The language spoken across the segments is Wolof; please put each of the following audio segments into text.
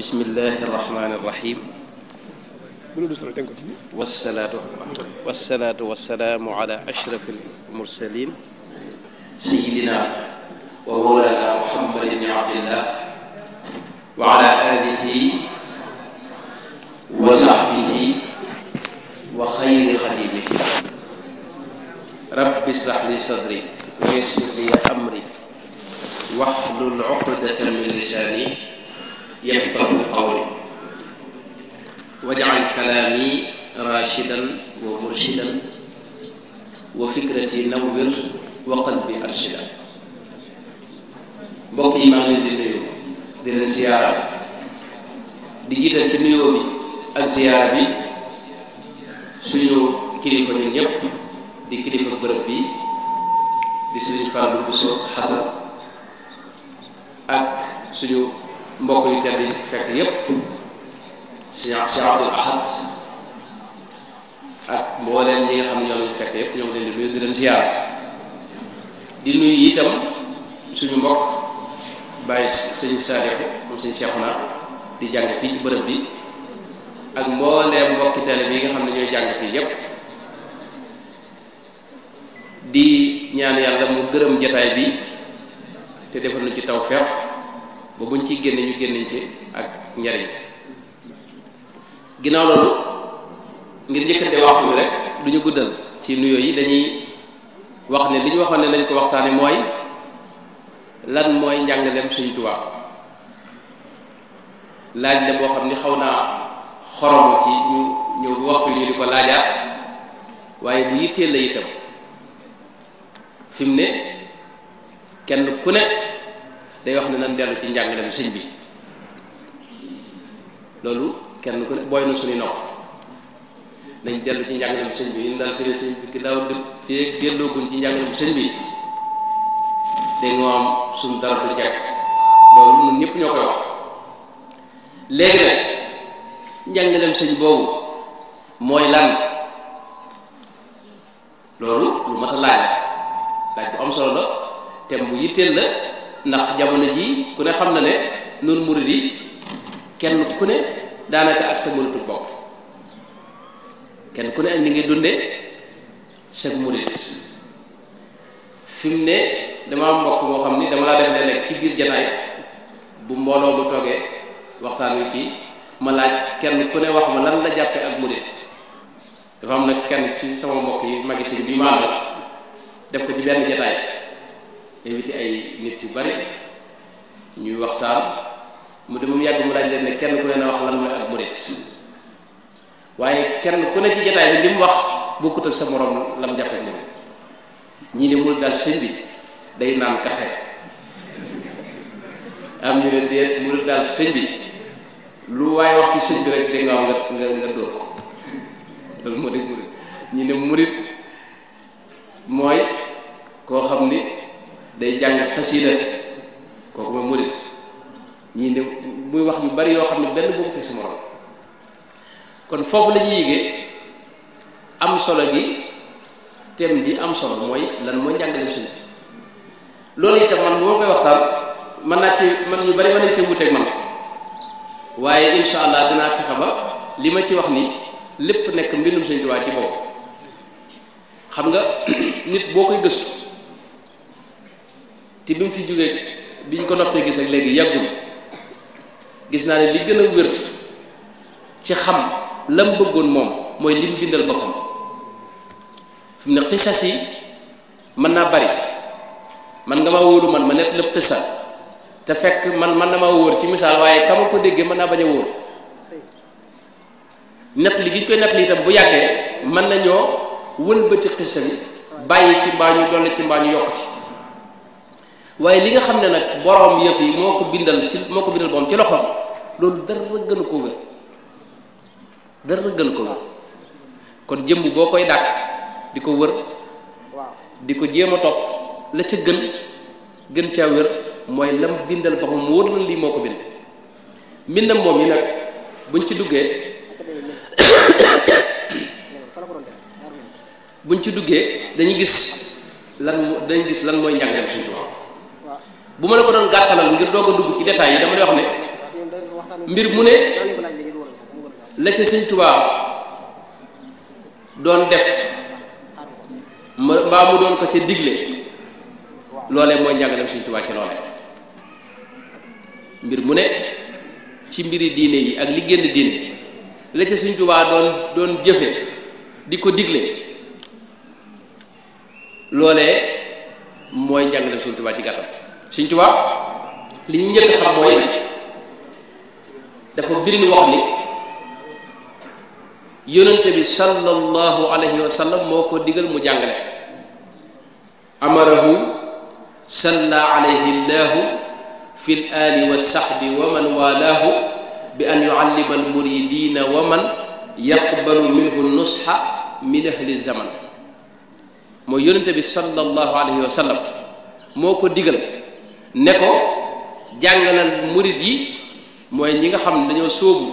بسم الله الرحمن الرحيم والصلاة والصلاة والسلام على أشرف المرسلين سيدنا ومولانا محمد بن عبد الله وعلى آله وصحبه وخير خليله رب اشرح لي صدري ويسر لي أمري واحلل عقدة من لساني يفقه قولي واجعل كلامي راشدا ومرشدا وفكرتي نور وقلبي ارشدا بقى ايماني دي نيو دي نسيارا دي جيتا تي نيو بي الزيارة بي سنو كليفة نيب دي كليفة برب دي سنو فارب حسن اك سنو mbokk yu tedd yi fekk yépp Cheikh Cheikh Abdul Ahad ak mbooleen ñi nga xam ne ñoom ñu fekk yépp ñoo ngi leen di nuyu di di nuyu itam suñu mbokk bàyyi sëñ Saaliku moom sëñ Seexuna di jàng fii ci bërëb bi ak mbooleem mbokki tele bi nga xam ne ñooy jàng fii yépp di ñaan yàlla mu gërëm jataay bi te defal na ci taw tawfeex ba buñ ciy génne ñu génneñ ci ak njariñ ginnaaw loolu ngir njëkkante waxtu rek du ñu guddal ci nuyoo yi dañuy wax ne li waxoon ne nañ ko waxtaane mooy lan mooy njàngaleem Sëriñ Tuubaa laaj la boo xam ni xaw naa xorom ci ñu ñëw bu waxtu ñu di ko laajaat waaye bu yitteel la itam fi ne kenn ku ne day wax ne nan dellu ci njàngalem sëñ bi loolu kenn ku ne booy na suñuy nopp nañ dellu ci njàngalem sëñ bi ñu daan firi sëñ bi ki daaw di fii dellooguñ ci njàngalem ñoo koy wax njàngalem sëñ boobu mooy lan loolu lu mat a bu am solo la te bu yitteel la ndax jamono ji ku ne xam na ne noonu murid yi kenn ku ne daanaka ak sa mënatu bopp kenn ku ne ak ni ngay dunde sa murid fi ne dama am mbokk moo xam ni dama laa def léeg-léeg ci biir jataay bu mbooloo bu toogee waxtaan wi kii ma laaj kenn ku ne wax ma lan la jàppe ak murid dafa am nag kenn si sama mbokk yi magi sëñ bi maalo def ko ci benn jataay invité ay nit yu bari ñuy waxtaan mu dem mu yàgg mu laaj leen ne kenn ku leen na wax lan mooy ak murit waaye kenn ku ne ci jataay bi li mu wax bokkut ak sa morom lam jàppe moom ñii ne murit daal bi day naan kafe am ñu ne déet bi lu waaye wax ci sëñ bi rek dégg nga ñi ne murit mooy koo xam ni day jàng xasida kooku mooy murid ñii de muy wax yu bari yoo xam ne benn bokk ci si moroom kon foofu la ñuy am solo gi thème bi am solo mooy lan mooy njàngale suñu loolu itam man bu ma koy waxtaan man naa ci man ñu bari mën nañ ci wuteeg man waaye incha allah dinaa fexe ba li ma ci wax ni lépp nekk mbindum Sëñ Tuubaa ci boobu xam nga nit boo koy gëstu. ci bi mu jógee bi ñu ko noppee gis ak léegi yàggul gis naa ne li gën a wér ci xam lam bëggoon moom mooy lim bindal boppam fim mu ne xisas yi mën naa bari man nga ma wóoru man ma nett lépp xisa te fekk man man na ma wóor ci misaal waaye kama ko déggee mën naa bañ a wóor nett li gi ñu koy nett li itam bu yàggee mën nañoo wëlbati xisa bi bàyyi ci mbaa ñu dolli ci mbaa ñu yokk ci waaye li nga xam ne nag borom yëpp yi moo ko bindal ci moo ko bindal boom ci loxoom loolu dara gënu ko wér dara gënu ko wér kon jëmb boo koy dàq di ko wër di ko jéem a topp la ca gën gën caa wér mooy lam bindal ba mu wóor la lii moo ko bind mbindam moom yi nag buñ ci duggee buñ ci duggee dañuy gis lan dañuy gis lan mooy njàngale bu ma la ko doon gàttalal ngir doog a dugg ci détails yi dama lay wax ne mbir mu ne la ca sëñ Tuubaa doon def mbaa mu doon ko ca digle loole mooy njàngalem sëñ Tuubaa ci loole mbir mu ne ci mbiri diine yi ak li génn diine la ca sëñ doon doon jëfe di ko digle loole mooy njàngalem sëñ Tuubaa ci gàttal Sëñ Tuubaa li ñu njëkk xam mooy dafa birin wax ni yonente bi sallallahu alayhi wa sallam moo ko digal mu jàngale amarahu salla alayhi llahu fi l ali wa sahbi wa man walaahu bi an yuallima al muridina wa man yaqbalu minhu nusha min ahli zaman mooy yonente bi sallallahu alayhi wa sallam moo ko digal ne ko jàngalal murit yi mooy ñi nga xam ne dañoo sóobu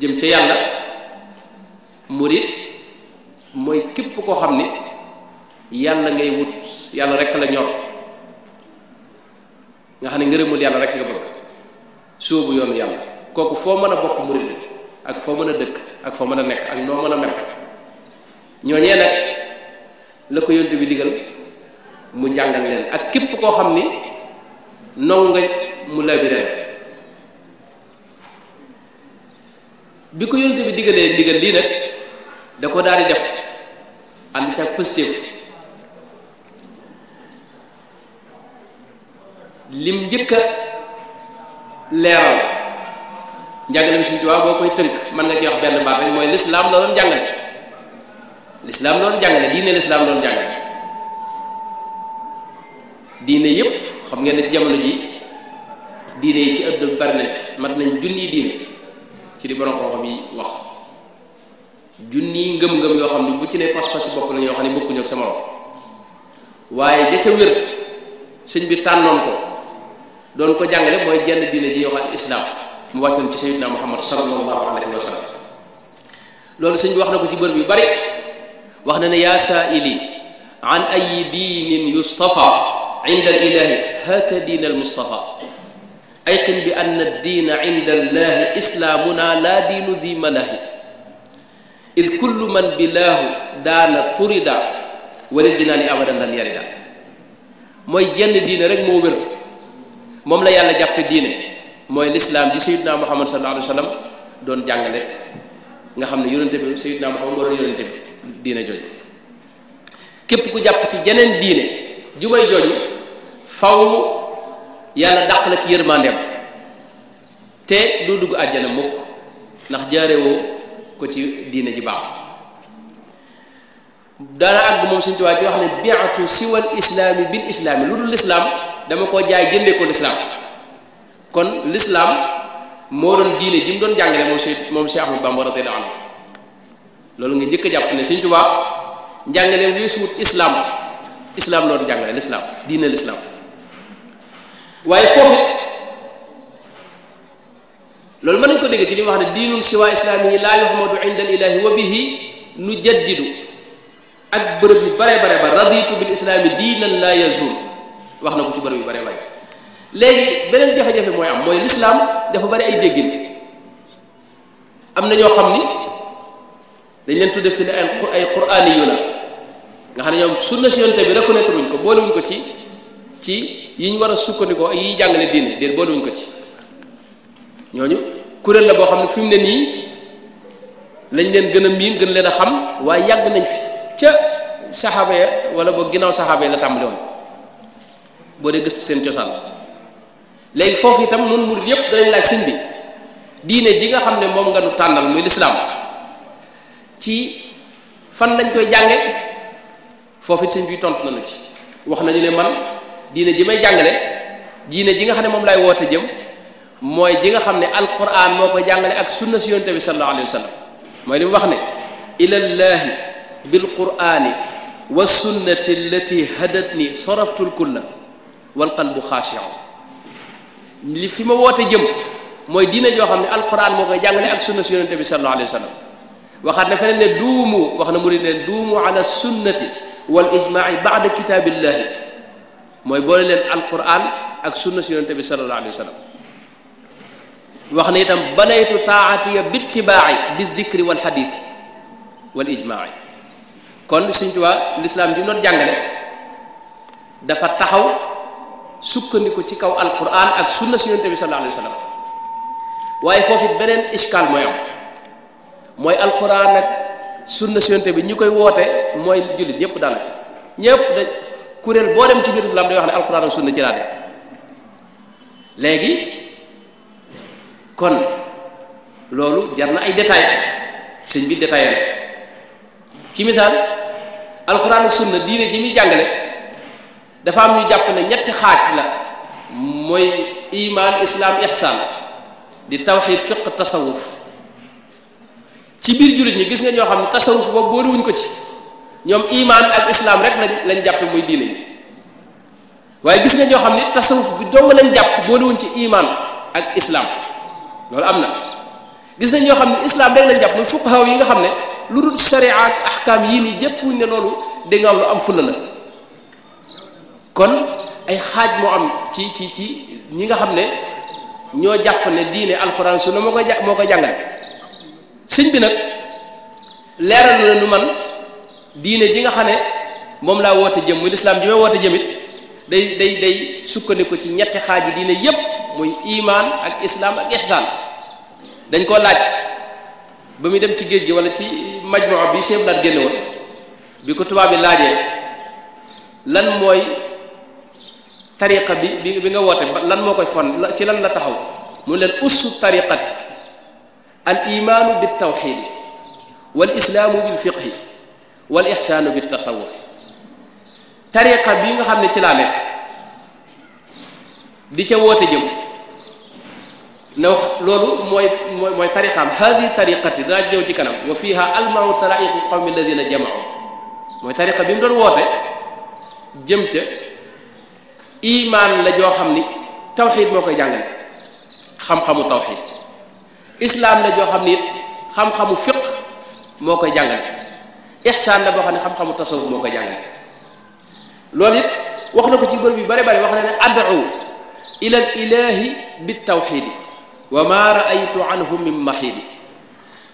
jëm ca yàlla murit mooy képp koo xam ni yàlla ngay wut yàlla rekk la ñor nga xam ne ngërëmul yàlla rek nga bëgg sóobu yoonu yàlla kooku foo mën a bokk murit la ak foo mën a dëkk ak foo mën a nekk ak noo mën a mel ñooñee nag la ko yontu bi digal mu jàngal leen ak képp koo xam ni nangu nga mu labiré bi ko yonent bi diggalee ndigal lii nag da ko daal di def ànd ca positif lim njëkk a leeral njàngale Sëriñ Tuubaa boo koy tënk mën nga ci wax benn baat rek mooy lislaam la doon jàngale lislaam la doon jàngale diine lislaam la doon jàngale diine yépp xam ngeen ne jamono ji diine yi ci àdduna bari nañ fi mat nañ junniy diine ci li borom xam-xam yi wax junniy ngëm-ngëm yoo xam ne bu ci ne pas-pas bopp la yoo xam ne bokkuñu ak sama wax waaye ja ca wér sëñ bi tànnoon ko doon ko jàngale mooy jenn diine ji yoo xam ne islam mu wàccoon ci sayyidina muhammad sallallahu alayhi wa sallam loolu sëñ bi wax na ko ci bërëb yu bari wax na ne yaa ili an ay diinin yustafa inda al ilahi haaka diina al mustafa ayqin bi ann addiina inda allahi islaamuna laa diinu di malaahi id kullu man bilaahu daana turida walil jinaani abadan lan yarida mooy jenn diine rek moo wér moom la yàlla jàppe diine mooy lislaam ji sayidna muhammad sallallahu alayhi wa sallam doon jàngale nga xam ne yonente bi sayidna muhammad moo doon yonente bi diine jooju képp ku jàpp ci jeneen diine ju may jooju faw yàlla dàq la ci yërmandeem te doo dugg àjjana mukk ndax jaarewoo ko ci diine ji baax daana àgg moom suñ tubaab ci wax ne biatu siwal islaami bil islaami lu dul lislaam dama koo jaay jënde ko lislaam kon lislaam moo doon diine ji mu doon jàngale moom si moom si Ahmadu Bamba radiyallahu anhu loolu nga jëkk a jàpp ne suñ tubaab njàngale weesuwut islaam islaam loolu jàngale lislaam diine lislaam waaye foofu loolu mën nañ ko dégg ci li mu wax ne diinun siwa islaamihi laa yuhmadu inda al ilahi wa bihi nu jaddidu ak bërëb yu bare bare ba raditu bil islaami diinan laa yazul wax na ko ci bërëb yu bare bare léegi beneen jafe-jafe mooy am mooy lislaam dafa bari ay déggin am na ñoo xam ni dañ leen tudde fi ne ay ay quraani yu la nga xam ne ñoom sunna si yonte bi reconnaître wuñ ko boolewuñ ko ci ci yi ñu war a sukkandikoo ak yiy jàngale diine déet boolewuñ ko ci ñooñu kuréel la boo xam ne fi mu ne nii lañ leen gën a miin gën leen a xam waaye yàgg nañ fi ca saxaaba ya wala boo ginnaaw saxaaba ya la tàmbali woon boo dee gëstu seen cosaan léegi foofu itam nun murid yëpp danañ laaj sëñ bi diine ji nga xam ne moom nga nu tànnal muy lislaam ci fan lañ koy jànge foofu it sëñ bi tontu na ci wax nañu ne man diine ji may jàngale diine ji nga xam ne moom lay woote jëm mooy ji nga xam ne alquran moo koy jàngale ak sunna si yonte bi sallallahu alayhi wasallam sallam mooy li mu wax ne ila ilallahi bilqurani wa sunnati allati hadatni saraftul kulla wal qalbu xaashi'un li fi ma woote jëm mooy diine joo xam ne alquran moo koy jàngale ak sunna si yonente bi sallallahu alayhi wasallam sallam waxaat na feneen ne duumu wax na murid ne duumu ala sunnati wal ijmaai baada kitaabillahi mooy boole leen alquran ak sunna si yonente bi sallallahu alayhi wa sallam wax na itam banaytu taatiya bittibaai bi dikri wal xadiis wal ijmaai kon Sëñ Tuubaa lislaam ji mu jàngale dafa taxaw sukkandiku ci kaw alquran ak sunna si yonente bi sallallahu alayhi wa waaye foofu beneen ishkaal mooy am mooy alquran ak sunna si bi ñi koy woote mooy jullit ñëpp daanaka ñëpp kuréel boo dem ci biir islam day wax ne alquran ak sunna ci laa de léegi kon loolu jar na ay détail sëñ bi détaillé ci misaal alquran ak sunna diine gi muy jàngale dafa am ñu jàpp ne ñetti xaaj la mooy iman islam ihsan di tawxid fiq tasawuf ci biir jullit ñi gis nga ñoo xam ne tasawuf boobu booriwuñ ko ci ñoom imaan ak islaam rek lañ lañ jàppe muy diine yi waaye gis nga ñoo xam ne tasawuf bi dong lañ jàpp boolewuñ ci imaan ak islaam loolu am na gis nañ ñoo xam ne islaam rek lañ jàpp muy fuqaha yi nga xam ne lu dul sharia ak ahkaam yii nii jëpp ne am lu la kon ay xaaj moo am ci ci ci ñi nga xam ne ñoo jàpp ne diine alxuraan sunna moo koy moo koy jàngale bi nag leeral na lu man diine ji nga xam ne moom laa woote jëm muy lislaam ji may woote jëmit day day day sukkandiku ci ñetti xaaju diine yépp muy iman ak islam ak ihsan dañ ko laaj ba muy dem ci géej gi wala ci majmua bi Cheikh Blaat génne woon bi ko tubaab bi laajee lan mooy tariqa bi bi bi nga woote lan moo koy fon ci lan la taxaw mu leen ussu tariqati al iman bit tawxiid wal islam bil fiqh والإحسان بالتصور طريقة بيغا خامني تي لا نيك دي تي ووتي جيم نو لولو موي موي موي طريقة هذه طريقة دا جيو تي كانام وفيها الماء طرائق القوم الذين جمعوا موي طريقة بيم دون ووتي جيم تي ايمان لا جو خامني توحيد موكاي جانغال خم خمو توحيد اسلام لا جو خامني خم خمو فقه موكاي جانغال ihsan la bo xamne xam-xamu tasawuf moo ko jàngale loolu it waxna ko ci bërëb yu bare bare wax na ne adu ila al ilahi tawhid wa ma raaytu anhum min mahid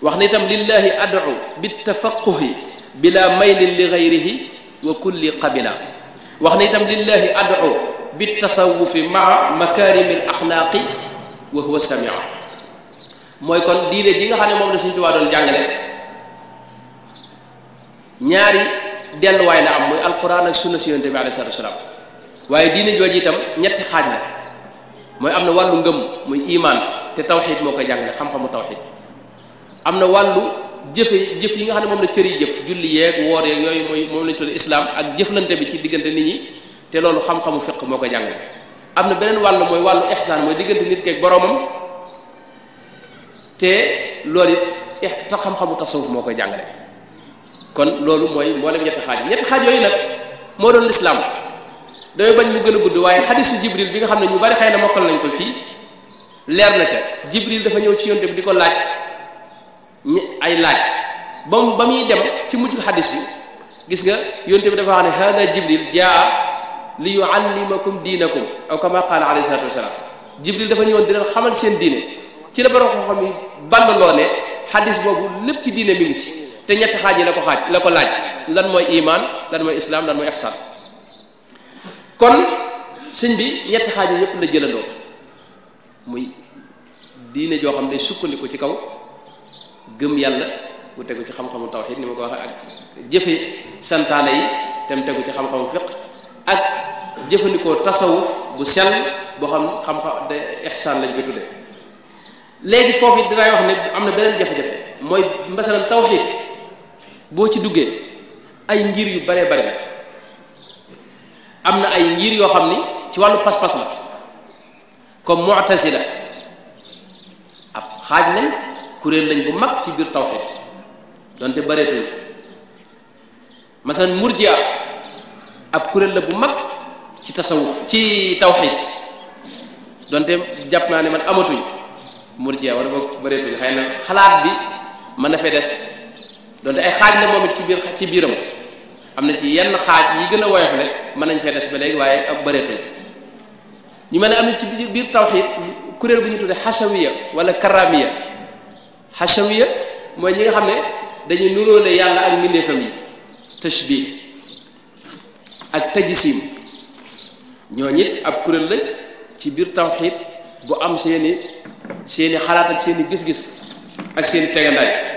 waxna itam lillahi adu bit tafaqquh bila mayl li gayrihi wa kulli qabila waxna itam lillahi adu bit tasawuf ma makarim al akhlaq wa huwa samia moy kon diine gi nga xamne mom la seigne touba doon jàngale ñaari delluwaay la am muy alquran ak sunna si yonte bi alayhi salaatu waaye diine jooju itam ñetti xaaj la mooy am na wàllu ngëm muy imaan te tawxid moo koy jàngale xam-xamu am na wàllu jëfe jëf yi xam ne moom la cër yi jëf julli yeeg woor moom lañ tudd islam ak jëflante bi ci diggante nit te loolu xam-xamu moo koy jàngale am na beneen wàllu mooy wàllu ixsaan mooy diggante nit keeg boromam te loolu it xam-xamu tasawuf moo koy jàngale kon loolu mooy mboolem ñetti xaaj ñetti xaaj yi nag moo doon lislaam dooy bañ mu gën a gudd waaye xadisu jibril bi nga xam ne ñu bari xëy na mokkal nañ ko fii leer na ca jibril dafa ñëw ci yoon dem di ko laaj ñi ay laaj ba ba muy dem ci mujj xadis bi gis nga yonte bi dafa wax ne hada jibril jaa li yuallimakum diinakum aw kama qaala alayhi salatu wasalaam jibril dafa ñëwoon di xamal seen diine ci la borom xam-xam yi bandaloo ne xadis boobu lépp ci diine mi ngi ci te ñetti xaaj yi la ko xaaj la ko laaj lan mooy iman lan mooy islam lan mooy ihsan kon sëñ bi ñetti xaaj yooyu yëpp la jëlandoo muy diine joo xam ne sukkandiku ci kaw gëm yàlla bu tegu ci xam-xamu tawxiid ni ma ko waxee ak jëfe santaane yi tem tegu ci xam-xamu fiq ak jëfandikoo tasawuf bu sell boo xam xam-xam de ihsan lañ ko tuddee léegi foofu it dinaay wax ne am na beneen jafe-jafe mooy masalan tawxiid boo ci duggee ay njiir yu baree bari la am na ay ngir yoo xam ni ci wàllu pas-pas la comme la ab xaaj lañ kuréel lañ bu mag ci biir tawxiid donte bareetul masalan murjia ab kuréel la bu mag ci tasawuf ci tawxiid donte jàpp naa ne man amatuñ murjia wala boog bareetuñ xëy na xalaat bi mën na fee donte ay xaaj la moom ci biir ci biiram am na ci yenn xaaj yi gën a woyof le mën nañ fee des ba léegi waaye ak bëreetul ñu mel ne am na ci biir tawxid kuréel bi ñu tuddee xasawiya wala karamiya xasawiya mooy ñi nga xam ne dañuy nuróole yàlla ak mbindeefam yi tashbih ak tajisim ñoo ñit ab kuréel la ci biir tawxid bu am seeni seeni xalaat ak seeni gis-gis ak seeni tegandaay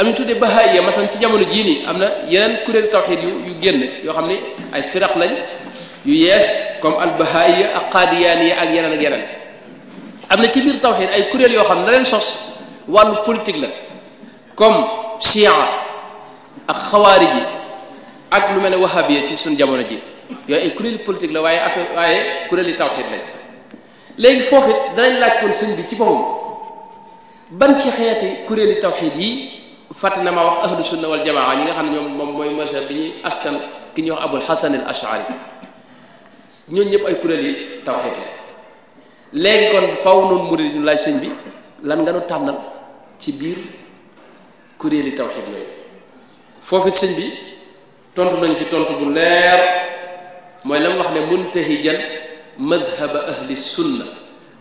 am ñu tuddee ya masan ci jamono jii nii am na yeneen kuréel yu yu génn yoo xam ay firaq lañ yu yes comme al bahaiya ak qaadiyaaniya ak yeneen ak yeneen am na ci biir tawxid ay kuréel yoo xam lañ sos wàllu politique la comme chia ak xawaarij yi ak lu mel ne wahabiya ci suñ jamono ji yooyu ay kuréeli politique la waaye affaire waaye kuréeli tawhid lañ léegi fofit it laj laaj kon sëñ bi ci boppam ban ci xeeti kuréeli tawhid yi فاتنا ما أهل السنة والجماعة يعني نحن يوم مم مم مزبي أستم كن أبو الحسن الأشعري نيو نيب أي كرلي توحيد لين فاون مريد نلا سنبي لان غنو تانل تبير كرلي توحيد لي فوفي سنبي تونت نيو في تونت بو لير موي لام منتهي جل مذهب أهل السنة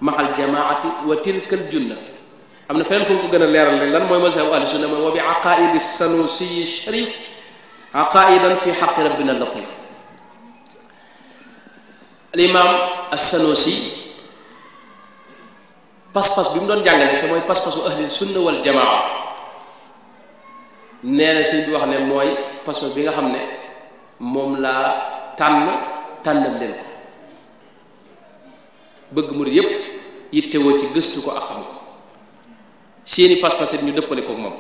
مع الجماعة وتلك الجنه am na feneen fu mu ko gën a leeral ne lan mooy mazhabu ahlu sunna mooy wa bi aqaidi sanusiyi sharif aqaidan fi xaqi rabbina latif al imam as-sanusi pas-pas bi mu doon jàngale te mooy pas-pasu ahli sunna wal jamaa nee na sëñ wax ne mooy pas bi nga xam ne moom laa tànn tànnal leen ko bëgg murid yépp yittewoo ci gëstu ko ak xam seeni pas-pas it ñu dëppale kook moom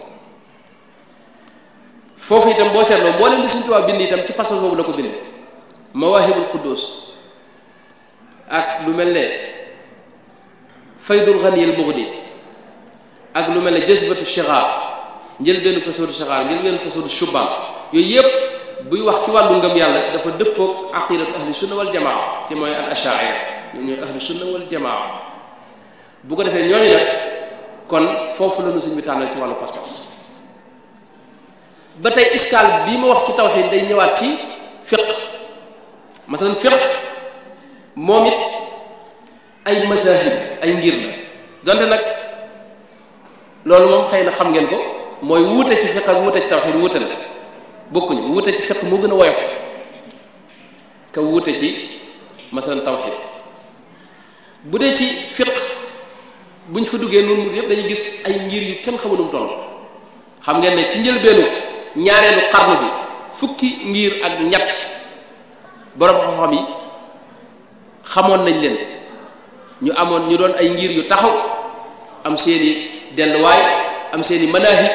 foofu itam boo seetloo mboolem li Sëriñ Tuubaa bind itam ci pas-pas boobu la ko bindee Mawaahibul Quddus ak lu mel ne Faydul Ghaniyyil Mughni ak lu mel ne Jazbatu Shighar njël benn tasawudu Shighar njël benn tasawudu Shubban yooyu yëpp buy wax ci wàllu ngëm yàlla dafa dëppook aqidatu ahli sunna wal jamaa ci mooy al ashaira ñoom ñooy ahli sunna wal jamaa bu ko defee ñooñu nag kon foofu la ñu sëñ bi tànnal ci wàllu pas-pas ba tey iskaal bii ma wax ci tawxiid day ñëwaat ci fiq masalan fiq moom it ay mazahib ay ngir la donte nag loolu moom xëy na xam ngeen ko mooy wuute ci fiq ak wuute ci tawxiid wuute la bokkuñu wuute ci fiq moo gën a woyof ka wuute ci masalan tawxiid bu dee ci fiq bu buñ fa duggee noonu murid yëpp dañuy gis ay ngir yu kenn xamu nu xam ngeen ne ci njëlbeenu ñaareelu xarnu bi fukki ngiir ak ñett borom xam-xam yi xamoon nañ leen ñu amoon ñu doon ay ngir yu taxaw am seeni delluwaay am seeni manahij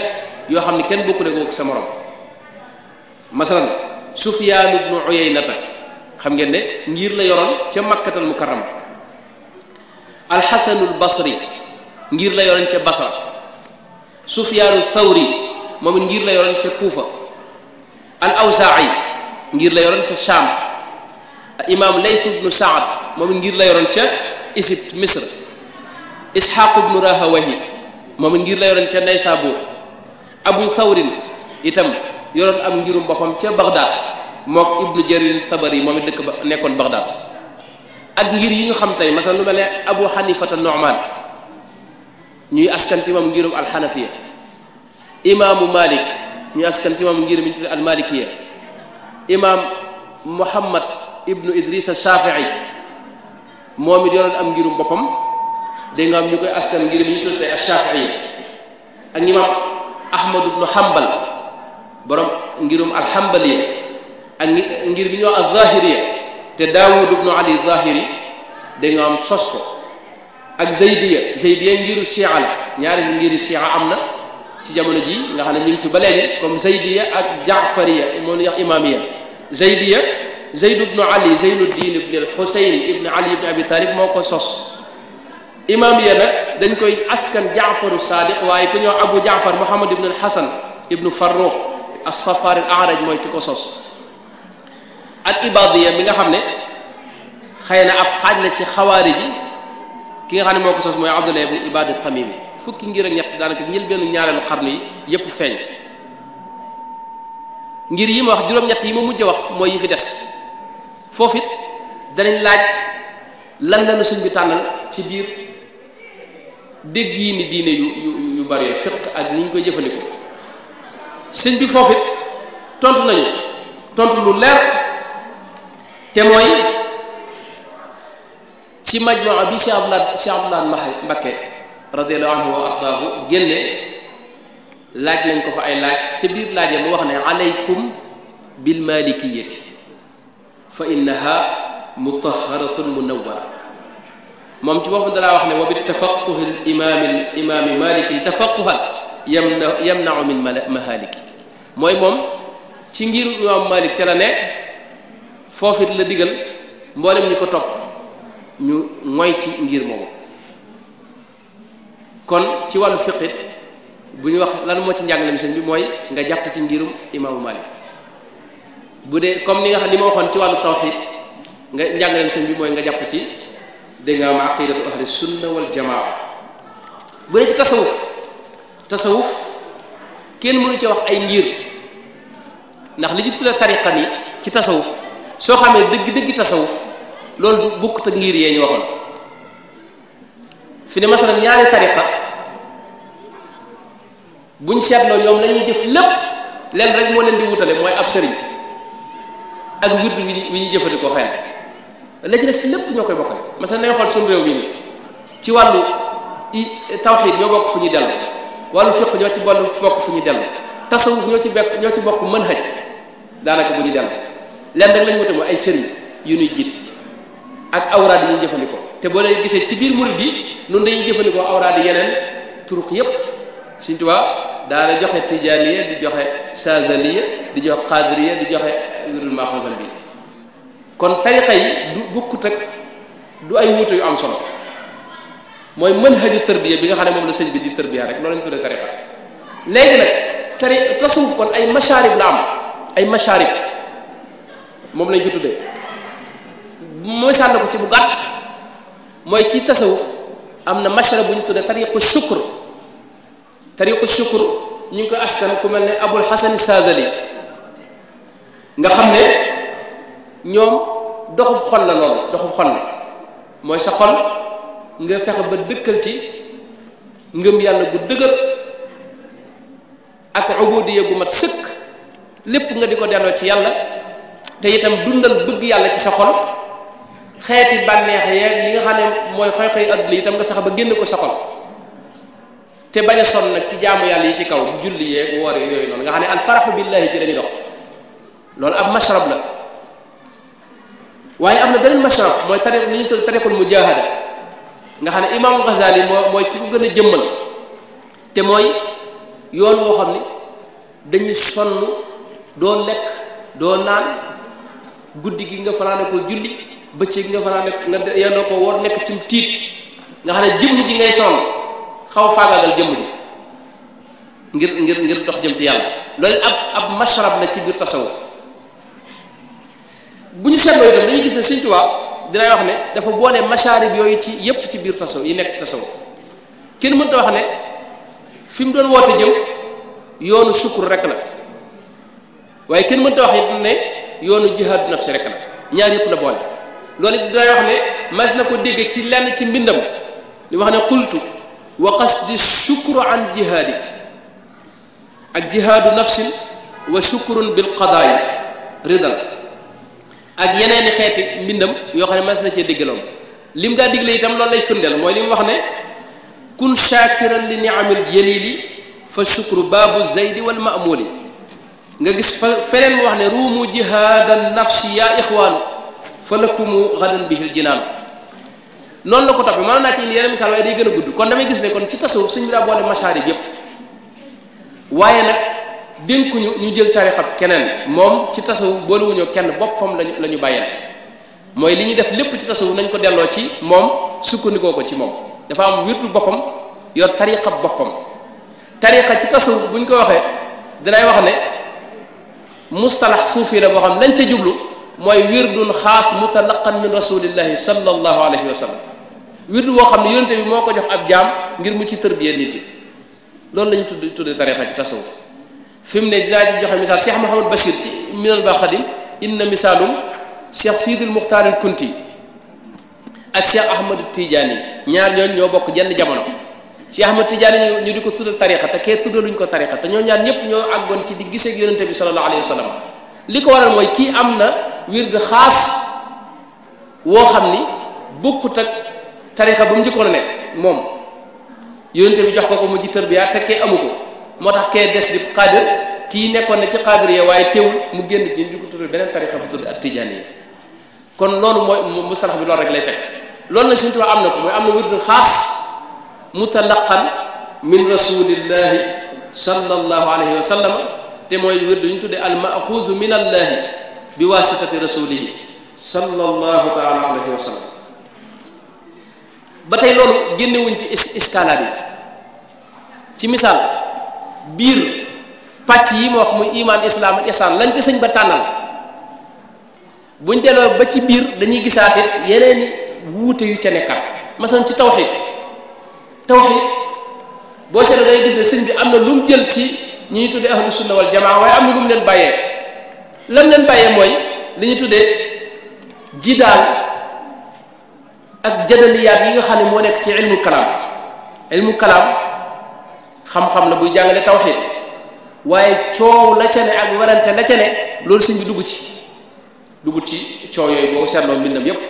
yoo xam ne kenn bokku ko sa moroom masalan Sufyaan ibnu Uyaynata xam ngeen ne ngir la yoroon ca Makkatal Mukarram Alxasanul Basri ngir la yoroon ca basra sufyaanu thawri moom it ngir la yoroon ca kuufa al awsaa'i ngir la yoroon ca shaam imaam layth ibnu saad moom it ngir la yoroon ca Égypte misr isxaaq ibnu rahawahi moom ngir la yoroon ca naysaabuur abu thawrin itam yoroon am ngirum mboppam ca Bagdad mook ibnu jarir tabari moom it dëkk nekkoon Bagdad ak ngir yi ñu xam tey masalan lu mel ne abu xanifata Nu'man ñuy askan ci ngirum Al hanafiya Imam malik ñuy askan ci moom ngirum al malikiya Imam muhammad ibnu Idris shafii momi it yoroon am ngirum bopam de nga am askan ngirum ñu Al shafi'i ak Imam ahmad ibnu hambal borom ngirum hanbali ak ngir bi ñoo Al zahiriya te daawud ibnu ali zahiri de nga am sosko ak zaydiya zaydiya ngir shi'a la ñaar ngiri chia am na ci jamono ji nga xam ñing fi ba léegi comme zaydiya ak ja'fariya mo ñu wax imamiya zaydiya zayd ibn ali zainuddin ibn al husayn ibn ali ibn abi talib moko sos imamiya nak dañ koy askan ja'faru sadiq waaye ku ñoo abu ja'far muhammad ibn al hasan ibn farrukh as-safar al-a'raj moy ci ko sos ak ibadiya mi nga xamne xeyna ab xaaj la ci khawariji ki nga xam ne moo ko sos mooy Abdullah ibn Ibad at-Tamimi fukki ngir ak ñett daanaka ñil benn ñaareelu xarnu yi yépp feeñ ngir yi ma wax juróom-ñett yi ma mujj wax mooy yi fi des foofu it danañ laaj lan lañu sëñ bi tànnal ci biir dégg yi ni diine yu yu yu bari fiq ak ni ñu koy jëfandikoo sëñ bi foofu tontu nañu tontu lu leer te mooy. ci majmaa bi Cheikh Abdoulaye Cheikh Abdoulaye Mbacké radiyallahu anhu wa ardaahu génne laaj nañ ko fa ay laaj ca biir laajee mu wax ne aleykum bil malikiyati fa innaha mutahharatun munawwara moom ci boppam dalaa wax ne wa bi tafaqquhi l imaami l imaami malikin tafaqquhan yamna yamnau min mahaliki mooy moom ci ngiru imaam malik ca la ne foofit la digal mboolem ñu ko topp ñu moy ci ngir moomu kon ci wàllu fiqit bu ñu wax lan moo ci njàngaleem sëñ bi mooy nga jàpp ci ngirum imaamu Malik bu dee comme ni nga xam ni ma waxoon ci wàllu tawxid nga njàngaleem sëñ bi mooy nga jàpp ci dégg nga ma aqidatu ahli sunna wal jamaa bu dee ci tasawuf tasawuf kenn mënu ci wax ay ngir ndax li ñu tudda tariqa ni ci tasawuf soo xamee dëgg-dëgg tasawuf loolu du bukkut ak ngir yee ñu waxoon fi ne masalan ñaari tariqa buñ seetloo ñoom lañuy jëf lépp lenn rek moo leen di wutale mooy ab sëriñ ak wird wi ñu wi ñu jëfandikoo xel la ci lépp ñoo koy bokkal masalan nañ xool suñu réew mi ci wàllu i tawxiid ñoo bokk fu ñuy dellu wàllu fiq ñoo ci boll bokk fu ñuy dellu tasawuf ñoo ci ñoo ci bokk mën xaj daanaka bu ñu dellu leen rek la ñu mooy ay sëriñ yu ñuy jiite ak awraad yi ñu jëfandikoo te boo leen gisee ci biir murid yi noonu dañuy jëfandikoo awraad yi yeneen turuq yépp Sëriñ Tuubaa daana joxe tijaaniya di joxe saadaliya di joxe qaadiriya di joxe wirul maaxuusal bi kon tariqa yi du bokkut ak du ay wuute yu am solo mooy manhaju tërbiya bi nga xam ne moom la sëñ bi di tërbiya rek loolu lañ tuddee tariqa léegi nag tari tasawuf kon ay masharib la am ay masharib moom lañ ko tuddee mooy sànn ko ci bu gàtt mooy ci tasawuf am na mashara bu ñu tudde tariqu shukr tariqu shukr ñu ngi koy askan ku mel ne abul xasan sadali nga xam ne ñoom doxub xol la loolu doxub xol la mooy sa xol nga fexe ba dëkkal ci ngëm yàlla gu dëgër ak ubudiya gu mat sëkk lépp nga di ko delloo ci yàlla te itam dundal bëgg yàlla ci sa xol xeeti bànneex yeeg yi nga xam ne mooy xëy-xëy adduna tam nga fexe ba génn ko sa te bañ a sonn nag ci jaamu yàlla yi ci kaw julli yeeg woor yi yooyu noonu nga xam ne alfaraxu billahi ci lañu dox loolu am mashrab la waaye am na beneen mashrab mooy tariq li ñu tudd tariqul mujahada nga xam ne imaamu Ghazali moo mooy ki ko gën a jëmmal te mooy yoon woo xam ne dañuy sonn doo lekk doo naan guddi gi nga fanaane ko julli bëccëg nga fanaan nekk nga yendoo koo war nekk cim tiit nga xam ne jëmm ji ngay sonn xaw faagaagal jëmm ji ngir ngir ngir dox jëm ci yàlla loolu ab ab mashrab la ci biir tasawuf bu ñu seetloo itam dañuy gis ne Sëñ dinay wax ne dafa boole masharib yooyu ci yépp ci biir tasawuf yi nekk ci tasawuf kenn mënta wax ne fi doon woote jëm yoonu sukkur rek la waaye kenn mënta wax it ne yoonu jihaadu nafsi rek la ñaar yëpp la boole loolu it dinaa wax ne mas na ko dégg ci lenn ci mbindam li wax ne qultu wa qasdi shukru an jihaadi ak jihaadu nafsin wa shukrun bil qadaay ridal ak yeneeni xeeti mbindam yoo xam ne mas na cee déggaloon lim daa digle itam loolu lay firndeel mooy li mu wax ne kun shakiran li niamil jalili fa shukru baabu zaydi wal maamuli nga gis fa feneen mu wax ne ruumu jihaadan nafsi yaa ixwaanu falakumu xadan bihil jinaan noonu la ko toppee mënoon naa ci indi yeneen misaal waaye day gën a gudd kon damay gis ne kon ci tasawuf suñ bi daa boole masaarib yépp waaye nag dénkuñu ñu jël tarixab keneen moom ci tasawuf boolewuñoo kenn boppam lañu la ñu mooy li ñuy def lépp ci tasawuf nañ ko delloo ci moom sukkandikoo ko ci moom dafa am wirdu boppam yor tariqab boppam tariqa ci tasawuf buñ ko waxee danay wax ne mustalax suufi la boo xam lañ ca jublu moy wirdun khas mutalaqan min rasulillah sallallahu alayhi wa sallam wirdu wo xam ne bi moko jox ab jam ngir mu ci tërbiye nit ñi loolu la tuddu tudd tudd ci tasaw fi mu ne dinaa ci joxe misal Cheikh mohammed bashir ci min al bakhadim inna misaalum Cheikh Sidil mukhtar al Kunti ak Cheikh ahmed Tidiane ñaar ñoo ñoo bokk jenn jamono Cheikh ahmed Tidiane ñu diko tuddu tuddal te ke tuddu luñ ko tarixa te ñoo ñaar ñëpp ñoo àggoon ci di gisee ak yonente bi sallallahu alayhi wa sallam li ko waral mooy kii am na wird xaas woo xam ni bokkut ak tarixa ba mu njëkkoon a nekk moom yonente bi jox ko ko mu ci tërbiya te kee amu ko moo tax kee des di xaadir kii nekkoon na ci xaadir ya waaye teewul mu génn ci ñu ko tudd beneen tarixa bu tudd yi kon loolu mooy musalax bi loolu rek lay teg loolu nag suñu tubaab am na ko mooy am na wird xaas mutalaqan min rasulillahi sallallahu alayhi wa sallam te mooy wird ñu tudde al maxuuzu min allaahi bi waasitati rasulihi sallallahu taala alayhi wa sallam ba tey loolu génnewuñ ci iskaala bi ci misaal biir pàcc yi ma wax muy iman islaam ak ihsaan lañ ci sëñ ba tànnal buñ delloo ba ci biir dañuy gisaate yeneen wuute yu ca nekkat masalan ci tawxiid tawxiid boo seetlu day gis ne sëñ bi am na lu mu jël ci ñu ñuy tuddee ahlu sunna wal jamaa waaye am na lu leen bàyyee lan leen bàyyee mooy li ñu tuddee jidaal ak jadaliyaat yi nga xam ne moo nekk ci ilmu kalaam ilmu kalaam xam-xam na buy jàngale tawxiid waaye coow la ne ak werante la ca ne loolu sëñ bi dugg ci dugg ci coow yooyu boo ko seetloo mbindam yépp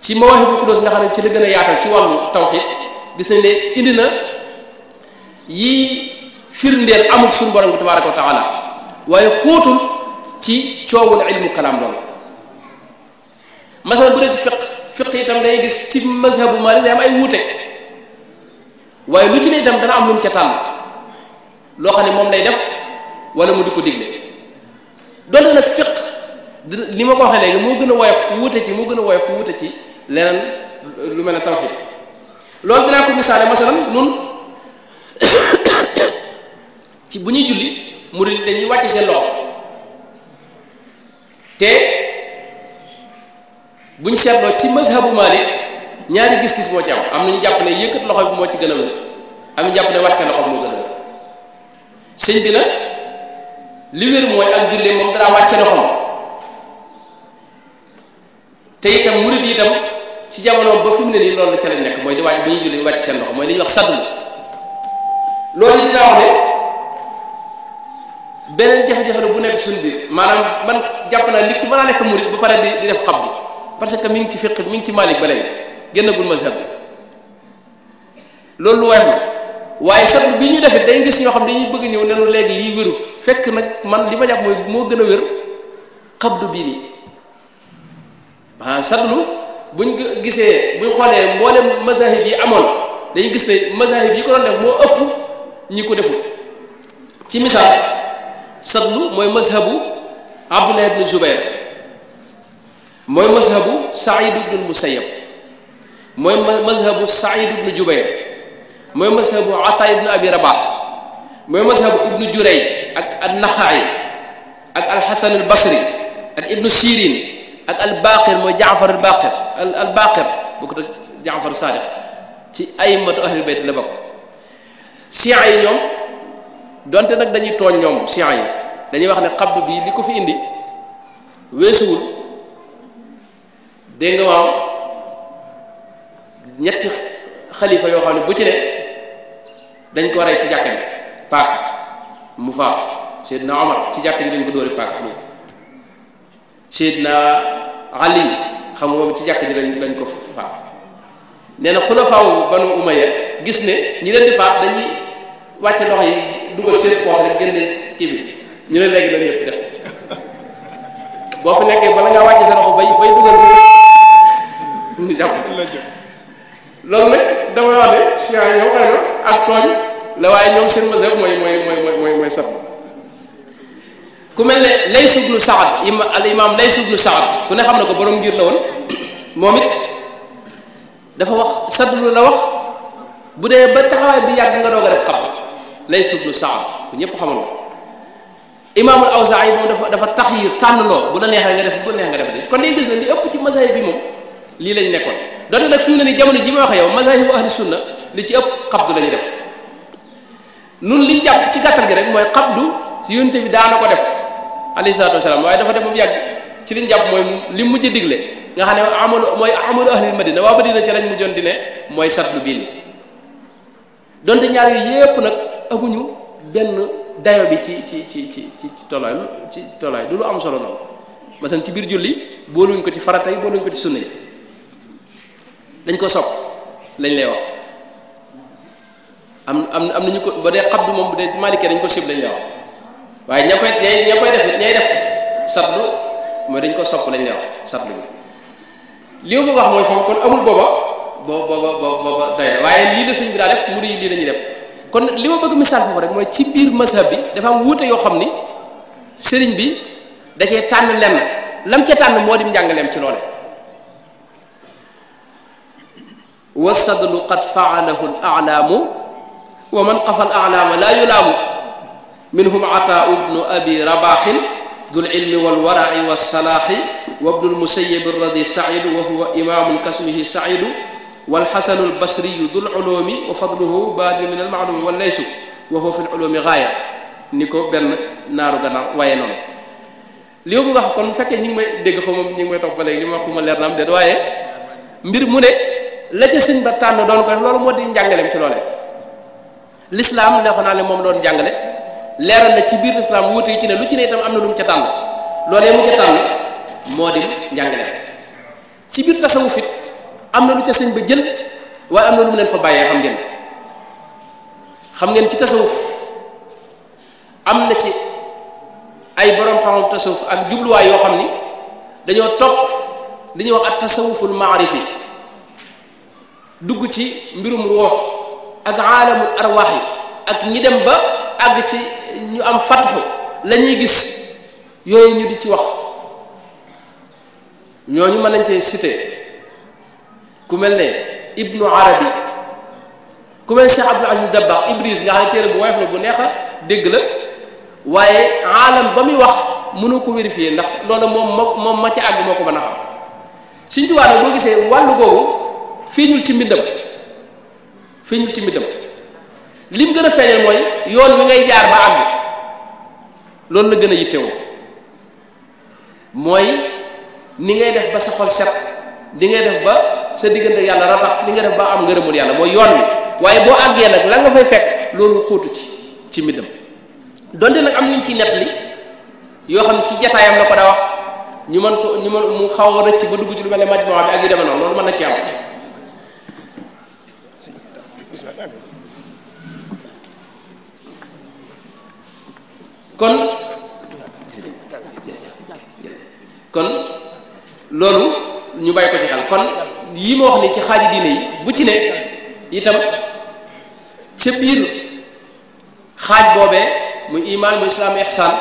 ci mawaahibu xudóos nga xam ne ci la gën a yaatal ci wàllu tawxiid gis nañ ne indi na yii firndeel amul suñu borom bi tabaraka wa taala waaye xóotul ci coowul ilmu kalaam loolu masal bu dee ci fiq fiq itam day gis ci mazhabu mali day am ay wuute waaye lu ci ne itam dana am lu mu ca tànn loo xam ne moom lay def wala mu di ko digle doon nag fiq li ma ko waxee léegi moo gën a woyof wuute ci moo gën a woyof wuute ci leneen lu mel ne tawxid loolu dinaa ko misaale masalan nun ci bu ñuy julli murid dañuy wàcc seen loxo te buñ seetloo ci mazhabu Malik ñaari gis-gis moo ci am am ñu jàpp ne yëkkat loxo bi moo ci gën a wér am ñu jàpp ne wàcce moo gën a bi nag li mooy ak julli moom danaa te itam murid yi itam ci jamono ba ne nii loolu lañ nekk mooy di wàcc bu ñuy julli wàcc seen loxo mooy li ñuy wax saddu loolu dinaa wax ne beneen jafe-jafe bu nekk suñ bi maanaam man jàpp naa nit ki mën naa nekk murit ba pare di def xab bi parce que mi ngi ci fiq mi ngi ci maalik ba léegi génnagul ma bi loolu wax bi ñu defee day gis ñoo xam dañuy bëgg ñëw nenu léegi lii wérut fekk nag man li ma jàpp mooy moo gën a wér bii nii ah sablu buñ gisee buñ xoolee mboolem mazahib yi amoon dañuy gis ne mazahib yi ko doon def moo ëpp ñi ko deful ci misaal sablu mooy mazhabu abdullah ibn zubair mooy mazhabu saïd ibn musayyab mooy mazhabu saïd ibn jubair mooy mazhabu ata ibn abi rabax mooy mazhabu ibn juray ak al naxaay ak alxasan al basri ak ibn sirin ak al baqir mooy jaafar al baqir al baqir bokk ak jaafar sadiq ci ay matu ahli bayt la bokk siya yi ñoom donte nag dañuy tooñ ñoom sian yi dañuy wax ne xabdu bi li ko fi indi weesuwul dégg nga waaw ñetti xalifa yoo xam ne bu ci ne dañ ko rey ci jàkk ji paak mu faaw Seydina Omar ci jàkk ji dañ ko dóori paak na Seydina Ali xam moom ci jàkk ji lañ lañ ko faaw gis ne ñi leen di dañuy wàcce loxo yi dugal seen poos rek génne kii bi ñu ne léegi dañu yëpp def boo fi nekkee bala ngaa wàcce sa loxo bay bay dugal ñu jàpp loolu nag dama wax ne la waaye ñoom seen mazhab mooy mooy mooy mooy mooy sab mel ne Lays ibnu Saad ima al imam Lays ibnu ku ne xam na ko borom ngir la woon moom it dafa wax sadlu la wax bu dee ba taxawaay bi yàgg nga doog a def xab Layth ibn Sa'd ku ñëpp xamoon imaamul Awzaa'i moom dafa dafa taxyiir tànn loo bu la neexee nga def bu la neexee nga def kon day gis ne li ëpp ci mazahib bi moom lii lañ nekkoon donte nag fi mu ne nii jamono ji ma wax yow mazahibu ahli sunna li ci ëpp xabdu la ñu def nun liñ jàpp ci gàttal gi rek mooy xabdu si yonte bi daana ko def alayhi salaatu wasalaam waaye dafa dem ba mu yàgg ci liñ jàpp mooy li mujj a digle nga xam ne amalu mooy amalu ahlil madina waa madina ci lañ mujjoon di ne mooy satlu biil donte ñaar yooyu yépp nag amuñu benn dayo bi ci ci ci ci ci ci tolluwaay ci tolluwaay du lu am solo noonu masan ci biir julli booluñ ko ci farata yi booluñ ko ci sunna yi dañ ko sopp lañ lay am am am ko ba dee xabdu moom bu dee ci maalikee dañ ko sib lañ lay wax waaye ña koy ña koy def ñay def satlu mooy dañ ko sopp lañ lay wax satlu li ma bëgg a wax mooy foofu kon amul booba booba booba booba daye waaye lii la sëñ bi def mu yi lii la def kon li ma bëgg misaal foofu rek mooy ci biir mashab bi dafa am wuute yoo xam ni sëriñ bi da cee tànn lenn lam ca tànn moo di njàngaleem ci loole wasadlu qad faalahu alaamu wa man qafa l alaama laa yulaamu minhum ataau bnu abi rabaxin ذو العلم والورع والصلاح وابن المسيب الرضي سعيد وهو إمام كاسمه سعيد والحسن البصري ذو العلوم وفضله باد من المعلوم والليس وهو في العلوم غاية نيكو بن نارو غنا واي نون li yóbbu nga xam kon bu fekkee ñu ngi may dégg xaw ma ñu ngi may topp léegi li ma leer na am waaye mbir mu ne la ca sëñ ba tànn doon ko def loolu moo di njàngaleem ci loolee lislaam neexoon naa ne moom doon jàngale leeral na ci biir lislaam wuute ci ne lu ci ne itam am na lu mu ca tànn loolee mu ca tànn moo di njàngaleem ci biir tasawuf it am na lu ca sëñ ba jël waaye am na lu mu leen fa bàyyee xam ngeen xam ngeen ci tasawuf am na ci ay borom xam tasawuf ak jubluwaay yoo xam ni dañoo topp li ñuy wax ak tasawuful maarifi dugg ci mbirum ruux ak aalamul arwaax yi ak ñi dem ba àgg ci ñu am fatxu la ñuy gis yooyu ñu di ci wax ñooñu mën nañ cee cité ku mel ne ibnu arabi ku mel Cheikh Abdul Aziz Dabbaax Ibris nga xam ne téere bu woyof la bu neex a dégg la waaye aalam ba muy wax mënu ko vérifier ndax loolu moom moo moom ma ci àgg moo ko mën a xam Sëriñ Tuubaa nag gisee wàllu boobu feeñul ci mbindam feeñul ci mbindam lim gën a feeñal mooy yoon bi ngay jaar ba àgg loolu la gën a yittewoo mooy ni ngay def ba sa set li ngay def ba sa diggante yàlla ratax li nga def ba am ngërëmul yàlla mooy yoon wi waaye boo àggee nag la nga fay fekk loolu xóotu ci ci mbindam donte nag am na ñu ciy li yoo xam ne ci jataayam la ko daa wax ñu mën ko ñu mën mu xaw a ci ba dugg ci lu mel ne majmuwa bi ak yu demee noonu loolu mën na ci am kon kon loolu ñu bàyyi ko ci xel kon yi ma wax ni ci xaaji diine yi bu ci ne itam ca biir xaaj boobee muy iman mu islaam ihsaan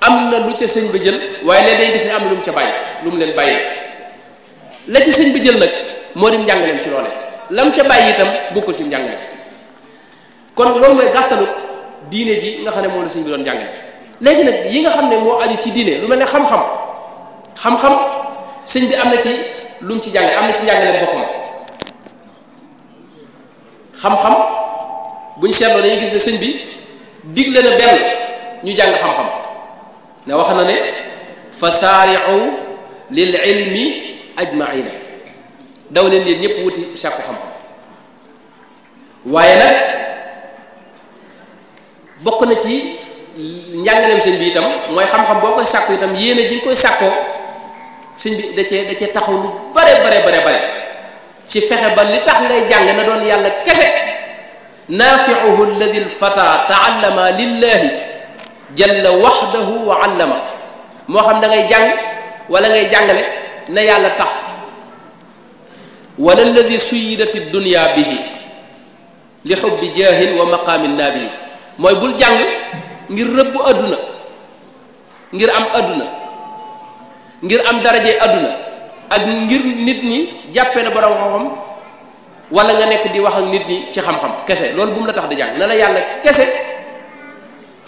am na lu ca sëñ ba jël waaye léeg dañ gis ne am na lu mu ca bàyyi lu mu leen bàyyi la ca sëñ ba jël nag moo dem leen ci loolee lam ca bàyyi itam ko ci njàngaleem kon loolu mooy gàttalu diine ji nga xam ne moom la sëñ bi doon njàngale léegi nag yi nga xam ne moo aju ci diine lu ma ne xam-xam xam-xam sëñ bi am na ci lu mu ci jàngale am na ci jàngale boppam xam-xam bu ñu seetloo dañuy gis ne sëñ bi digle na benn ñu jàng xam-xam ne wax na ne fa saariu lil ilmi ajmaina daw leen leen ñëpp wuti sàkku waaye nag bokk na ci njàngaleem sëñ bi itam mooy xam-xam boo koy sàkku itam yéen a ji nga koy sàkkoo sëñ bi da cee da cee taxaw lu bare bare bare bare ci fexe ba li tax ngay jàng na doon yàlla kese naafiuhu alladi alfata taallama lillahi jalla waxdahu wa allama moo xam da ngay jàng wala ngay jàngale na yàlla tax wala alladi suyidat dunya bihi li xubbi jaahin wa maqaamin naabihi mooy bul jàng ngir rëbb adduna ngir am adduna ngir am daraje aduna ak ngir nit ni jappé na borom xam wala nga nek di wax ak nit ni ci xam-xam kese loolu bu mu la tax di jang na la yalla kese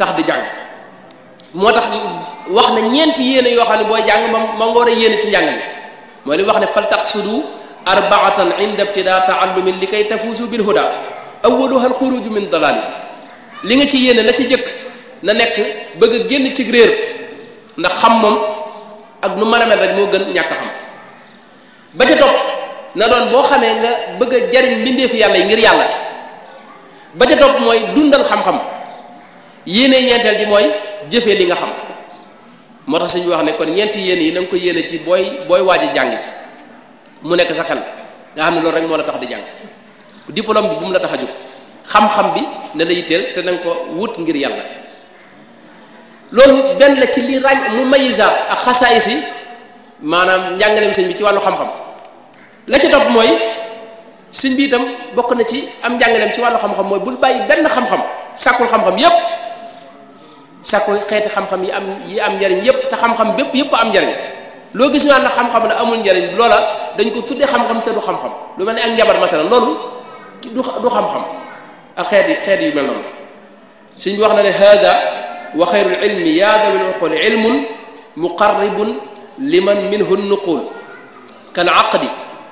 tax di jang motax wax na ñent yene yo xam ne booy jàng ma nga ci jang mi li wax ne fal taqsudu arbaatan inda ibtida ta'allum likay kay bil huda awwaluha al khuruj min dalal li nga ci yene la ci jëkk na nek bëgg genn ci reer ndax xam mom ak nu mën a mel rek moo gën ñàkk xam ba ca topp na doon boo xamee nga bëgg a jariñ mbindeefu yàlla yi ngir yàlla ba ca topp mooy dundal xam-xam yéene ñeenteel ji mooy jëfee li nga xam moo tax suñu wax ne kon ñeenti yéen yi na nga ko yéene ci booy booy waaj a jàngi mu nekk sa xel nga xam ne loolu rek moo la tax di jàng diplôme bi bu mu la tax a jóg xam-xam bi na la yitteel te na ko wut ngir yàlla loolu benn la ci li ràññ mu mayisaat ak xasaayis yi maanaam njàngaleem sëñ bi ci wàllu xam la ca topp mooy sëñ bi bokk na ci am njàngaleem ci wàllu xam-xam mooy bul bàyyi benn xam-xam sàkkul xam-xam yépp sàkkul xeeti xam-xam yi am yi am njariñ yépp te xam-xam bépp yépp am njariñ loo gis ñu naan la xam-xam la amul njariñ loola dañ ko tudde xam-xam te du xam-xam lu mel ne ak njabar masalan loolu du du xam-xam ak xeet yi xeet yu mel noonu sëñ bi wax na ne hada وخير العلم يا ذوي العقول علم مقرب لمن منه النقول كالعقل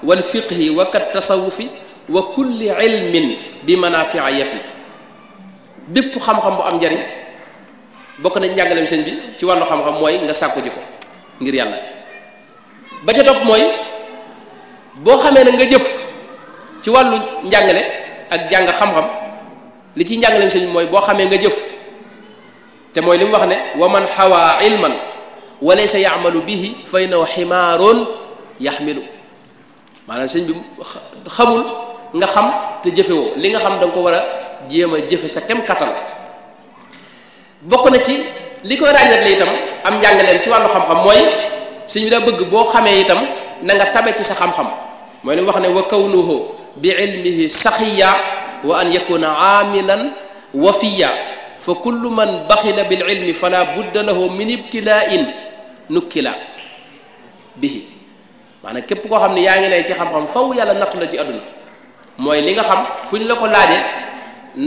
والفقه وكالتصوف وكل علم بمنافع يفي بيب خام خام بو ام جاري بوك نا نياغلام سيني بي سي والو خام خام موي nga sakku jiko ngir yalla ba ca top moy bo xamé nga jëf ci walu jàngalé ak jàng xam xam li ci jàngalé sëñ moy bo xamé nga jëf te mooy li mu wax ne wa man xawaa ilman wa laysa yamalu bihi fa innahu ximaaroon yaxmilu maanaam sëñ bi xamul nga xam te wo li nga xam da nga ko war a jéem a jëfe sa kem katal bokk na ci liko koy ràññat itam am jangale ci walu xam xam-xam moy sëñ bi da bëgg bo xamé itam na nga tabe ci sa xam-xam moy lim wax ne wa kawnuhu bi ilmihi saxiya wa an yakuna amilan wafiya فكل من بخل بالعلم فلا بد له من ابتلاء نكلا به معنى كيب كو خامني ياغي ناي سي خام خام فاو يالا نقلا جي ادنا موي ليغا خام فوج لاكو لاجي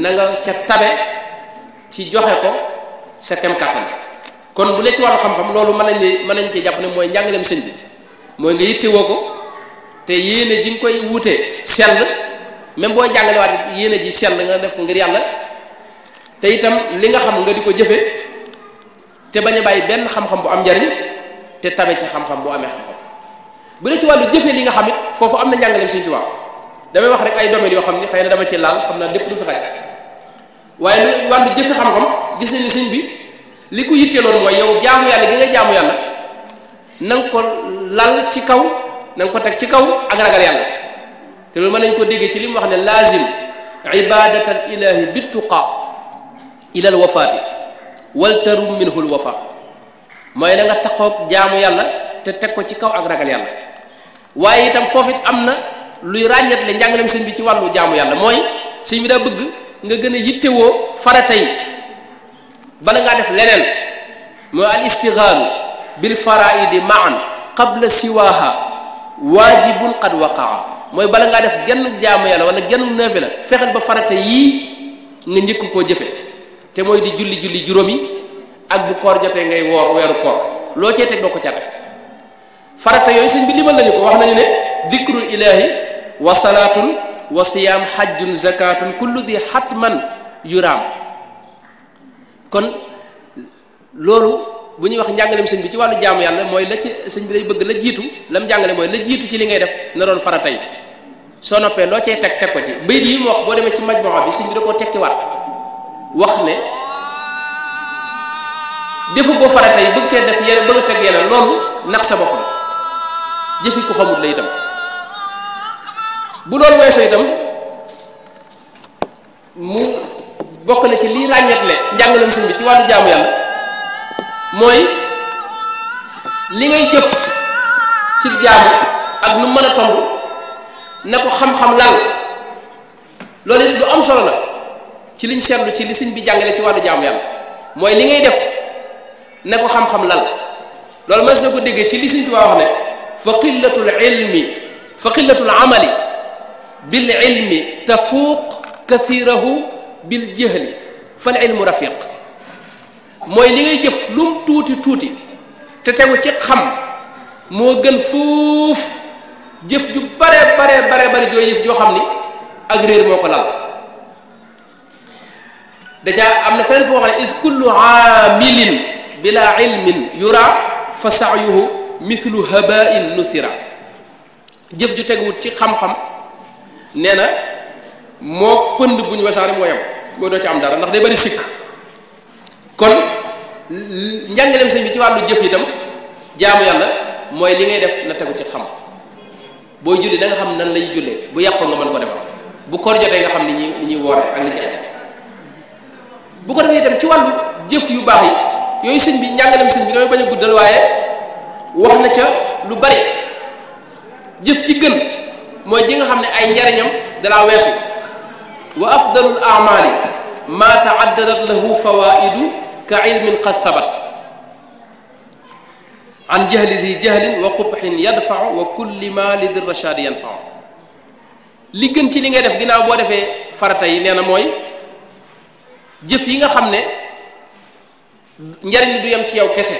نغا سي تابي سي جوخه كو سكم كاتن كون بولي سي وارو خام خام لولو مانن ني مانن سي جاب ني موي نجانغلم سيندي موي nga yitte woko te yene jing koy woute sel même bo jangale wat yene ji sel nga def ko ngir yalla te itam li nga xam nga di ko jëfe te bañ a bàyyi benn xam-xam bu am njariñ te tabe ci xam-xam bu amee xam-xam bu dee ci wàllu jëfe li nga xam it foofu am na njàngaleem Sëriñ Tuubaa damay wax rek ay domaine yoo xam ni xëy na dama ci laal xam naa du fi xaj lu wàllu jëfe xam-xam gis ni bi li ko mooy yow jaamu yàlla gi nga jaamu yàlla na ko lal ci kaw na ko teg ci kaw ak ragal yàlla te loolu mën nañ ko déggee ci li mu wax ne laazim ibadatal ilahi bittuqa ilal wafaati wal tarum minhu l mooy da nga taqoog jaamu yàlla te teg ko ci kaw ak ragal yàlla waaye itam foofu it am na luy ràññat le njàngalem sëñ ci wàllu jaamu yàlla mooy sëñ bi daa bëgg nga gën a yittewoo farata yi bala ngaa def leneen mooy al istixaaru bil faraidi maan qabla siwaha waajibun qad waqaa mooy bala ngaa def genn jaamu yàlla wala genn neefe la fexeel ba farata yii nga njëkk koo jëfe te mooy di julli julli juróom yi ak bu koor jotee ngay woor weeru koor loo cee teg doo ko cate farata yooyu sëñ bi limal nañu ko wax nañu ne dikrul ilahi wa salaatun wa siyaam xajjun zakatun kullu di xatman yuraam kon loolu bu ñuy wax njàngaleem sëñ bi ci wàllu jaamu yàlla mooy la ci sëñ bi lay bëgg la jiitu lam jàngale mooy la jiitu ci li ngay def na doon farata yi soo noppee loo cee teg teg ko ci bayit yi mu wax boo demee ci majmuwa bi sëñ bi da koo tekkiwaat wax ne defu ko farata bëgg cee def yeneen bëgg a teg yeneen loolu nax sa bopp la jëfi ko xamut la itam bu loolu weesoo itam mu bokk na ci lii ràññetle njàngalem sëñ bi ci wàllu jaamu yàlla mooy li ngay jëf ci jaamu ak nu mën a tomb na ko xam-xam lal loolu lu am solo la ci liñ seetlu ci li sëñ bi jàngale ci wàllu jaamu yàlla mooy li ngay def ne ko xam-xam lal loolu mas na ko déggee ci li sëñ Tuubaa wax ne fa qillatul ilmi fa qillatul amali bil ilmi tafuq kathirahu bil jahli fal ilmu rafiq mooy li ngay jëf lum tuuti tuuti te tegu ci xam moo gën fuuf jëf ju bare bare bare bare joo jëf joo xam ni ak réer moo ko lal دجا امنا فين فو اس كل عامل بلا علم يرى فسعيه مثل هباء نثرا أنا جو تيغو تي خام خام نينا مو كوند بو نواسار مو يام مو دو تي ام دارا ناخ دي بري سيك كون نجانغلم سيني تي والو جيف يتام جامو يالا موي لي ngay def na tagu ci xam boy julli da nga xam nan lay julle bu yakko nga man ko defal bu kor jotey nga xam ni ni woré ak ni jotté bu ko defee itam ci walu jëf yu baax yi yooyu sëñ bi njàngalem sëñ bi damay bañ a guddal waaye wax na ca lu bari jëf ci gën mooy ji nga xam ne ay njariñam dalaa weesu wa afdalu afdalul amali ma taaddadat lahu fawaidu ka ilmin qad thabat an jahli di jahlin wa qubxin yadfau wa kulli ma li di rachadi yanfau li gën ci li ngay def ginnaaw boo defee farata yi nee na jëf yi nga xam ne njariñ du yem ci yow kese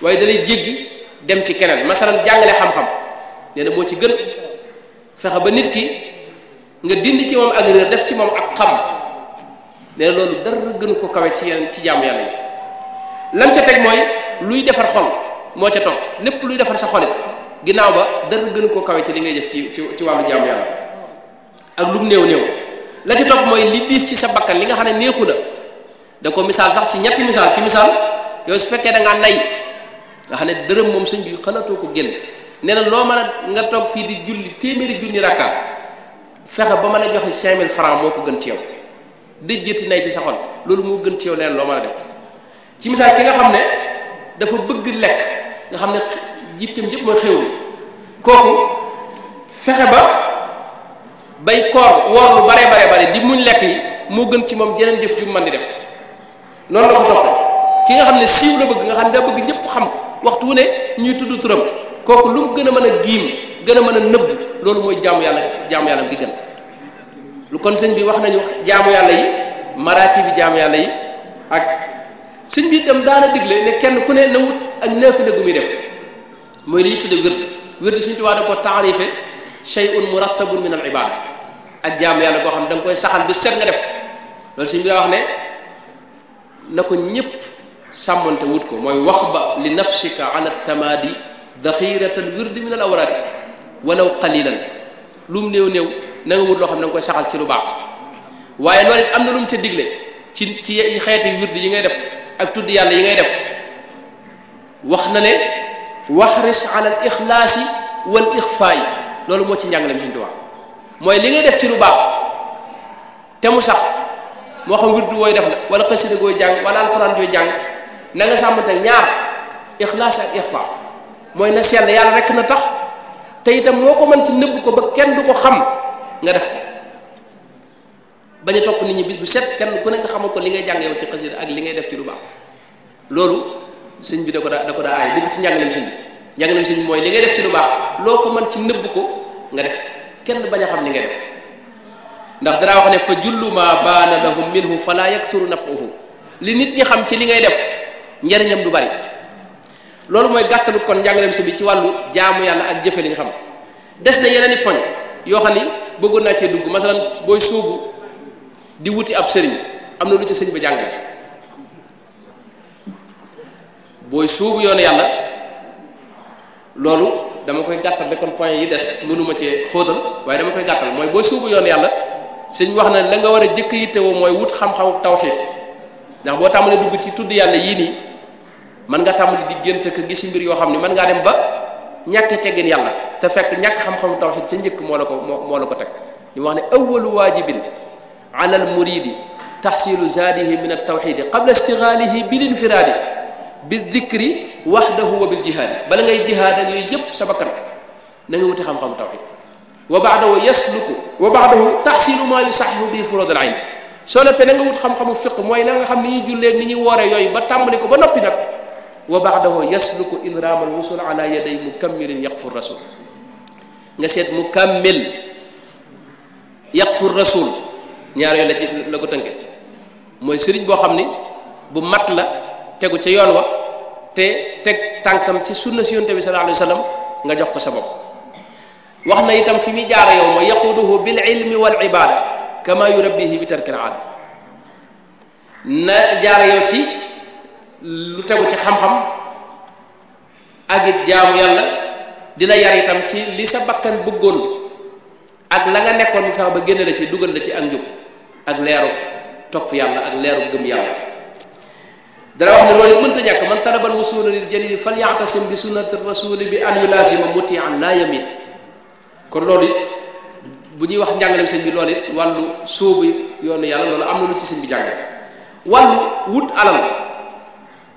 waaye dalay jéggi dem ci keneen masalan jàngale xam-xam nee na ci gën fexe ba nit ki nga dindi ci moom ak def ci moom ak xam nee na loolu dara gënu ko kawe ci yeneen ci jaamu yàlla yi lam ca teg mooy luy defar xol moo ca toog lépp luy defar sa xolit ginnaaw ba dara gënu ko kawe ci li ngay def ci ci ci wàllu jaamu yàlla ak lum néew néew la ci topp mooy li diis ci sa bakkan li nga xam ne neexu la da ko misaal sax ci ñetti misaal ci misaal yow su fekkee da ngaa nay nga xam ne dërëm moom sëñ bi xalaatoo ko génn nee na loo mën a nga toog fii di julli téeméeri junni rakka fexe ba mën a joxe cinq mille francs moo ko gën ci yow déjjati nay ci sa loolu moo gën ci leen loo mën a def ci misaal ki nga xam ne dafa bëgg lekk nga xam ne yittam yëpp mooy xéwlu kooku fexe ba bay koor woor lu baree baree bare di muñ lekk yi moo gën ci moom jeneen jëf ju mën di def noonu la ko toppee ki nga xam ne siiw la bëgg nga xam ne daa bëgg ñëpp xam ko waxtu wu ne ñuy tudd turam kooku lu mu gën a mën a giim gën a mën a nëbb loolu mooy jàmm yàlla jaamu yàlla gi gën lu kon sëñ bi wax nañu jaamu yàlla yi maraati bi jaamu yàlla yi ak sëñ bi dem daana digle ne kenn ku ne na wut ak naafila gu muy def mooy li ñu tudde wird wird sëñ Tuubaa da ko taarife shay'un murattabun min al ibaada ak jaamu yàlla goo xam ne da nga koy saxal bi set nga def loolu sëñ bi daa wax ne na ko ñëpp sàmmante wut ko mooy wax ba li nafsika ala tamaadi daxiratal wirdi min al awraadi walaw qalilan lu mu néew néew na nga wut loo xam ne da nga koy saxal ci lu baax waaye loolu it am na lu mu ca digle ci ci xeeti wirdi yi ngay def ak tudd yàlla yi ngay def wax na ne waxris ala al ixlaasi wal ixfaayi loolu moo ci njàngaleem suñ mooy li ngay def ci lu baax te mu sax moo xam wirdu wooy def la wala xasida gooy jàng wala alxuraan jooy jàng na nga sàmmante ñaar ixlaas ak ixfa mooy na sell yàlla rek na tax te itam loo ko mën ci nëbb ko ba kenn du ko xam nga def bañ a topp nit ñi bu set kenn ku ne nga xamal ko li ngay jàng ci xasida ak li ngay def ci lu baax loolu sëñ bi da ko daa da ko daa aay dugg ci njàngaleem sëñ bi njàngaleem mooy li ngay def ci lu baax loo ko mën ci nëbb ko nga def kenn baña xam ni nga def ndax dara wax ne fa jullu ma bana lahum minhu fala yaksuru nafuhu li nit ñi xam ci li ngay def njariñam du bari loolu mooy gàttalu kon njàngaleem si bi ci wàllu jaamu yàlla ak jëfe li nga xam des na yeneen i poñ yoo xam ni bëggoon naa cee dugg masalan booy soobu di wuti ab sëriñ am na lu ci sëñ ba jàngale booy soobu yoonu yàlla loolu dama koy jakkal de kon point yi dess munuma ci xóotal waye dama koy jakkal moy boo suubu yoon yàlla sëñ wax na la nga wara a jëkk wo moy wut xam-xam tawxiid ndax bo tàmbalee dugg ci tudd yàlla yi ni man nga tàmbali di gënte ke gis mbir yo xamni man nga dem ba ñak teggin yàlla te fek ñak xam xam-xam tawxiid ci njëkk mo la ko mo la ko tek ni wax ne awwalu wajibin ala al murid taxsilu zadihi min at tawhid qabla istighalihi bil infiraadi bi dikri waxdahu wa bil jihaad bala ngay jihaad ak yooyu yëpp sa bakkan na nga wuti xam-xamu tawxid wa baadahu yasluku wa baadahu taxsilu maa yusaxihu bii furood al ayn soo noppee na nga wut xam-xamu fiq mooy na nga xam ni ñuy jullee ni ñu wooree yooyu ba tàmbali ko ba noppi nag wa baadahu yasluku idraama al wusul ala yaday mukammilin yaqfu rasul nga seet mukammil yaqfu rasul ñaar yooyu la ci la ko tënke sëriñ boo xam ni bu mat la tegu ca yoon wa te teg tànkam ci sunna si yonte bi sallallahu nga jox ko sa bopp wax na itam fi muy jaara yow mooy yaquduhu bil ilmi wal ibada kama yurabbihi bi tarkil aada na jaara ci lu tegu ci xam-xam ak it jaamu yàlla di la yar itam ci li sa bakkan bëggoon ak la nga nekkoon bu ba génne la ci dugal la ci ak njub ak leeru topp yàlla ak leeru gëm yàlla dana wax ne loolu mënta ñàkk man talabal wusula lil jalili fal yaxtasim bi sunnati rasuli bi an ma mutian laa yamin kon loolu bu ñuy wax njàngalem sëñ bi loolu it wàllu sóobu yoonu yàlla loolu am na lu ci sëñ bi jàngale wàllu wut alal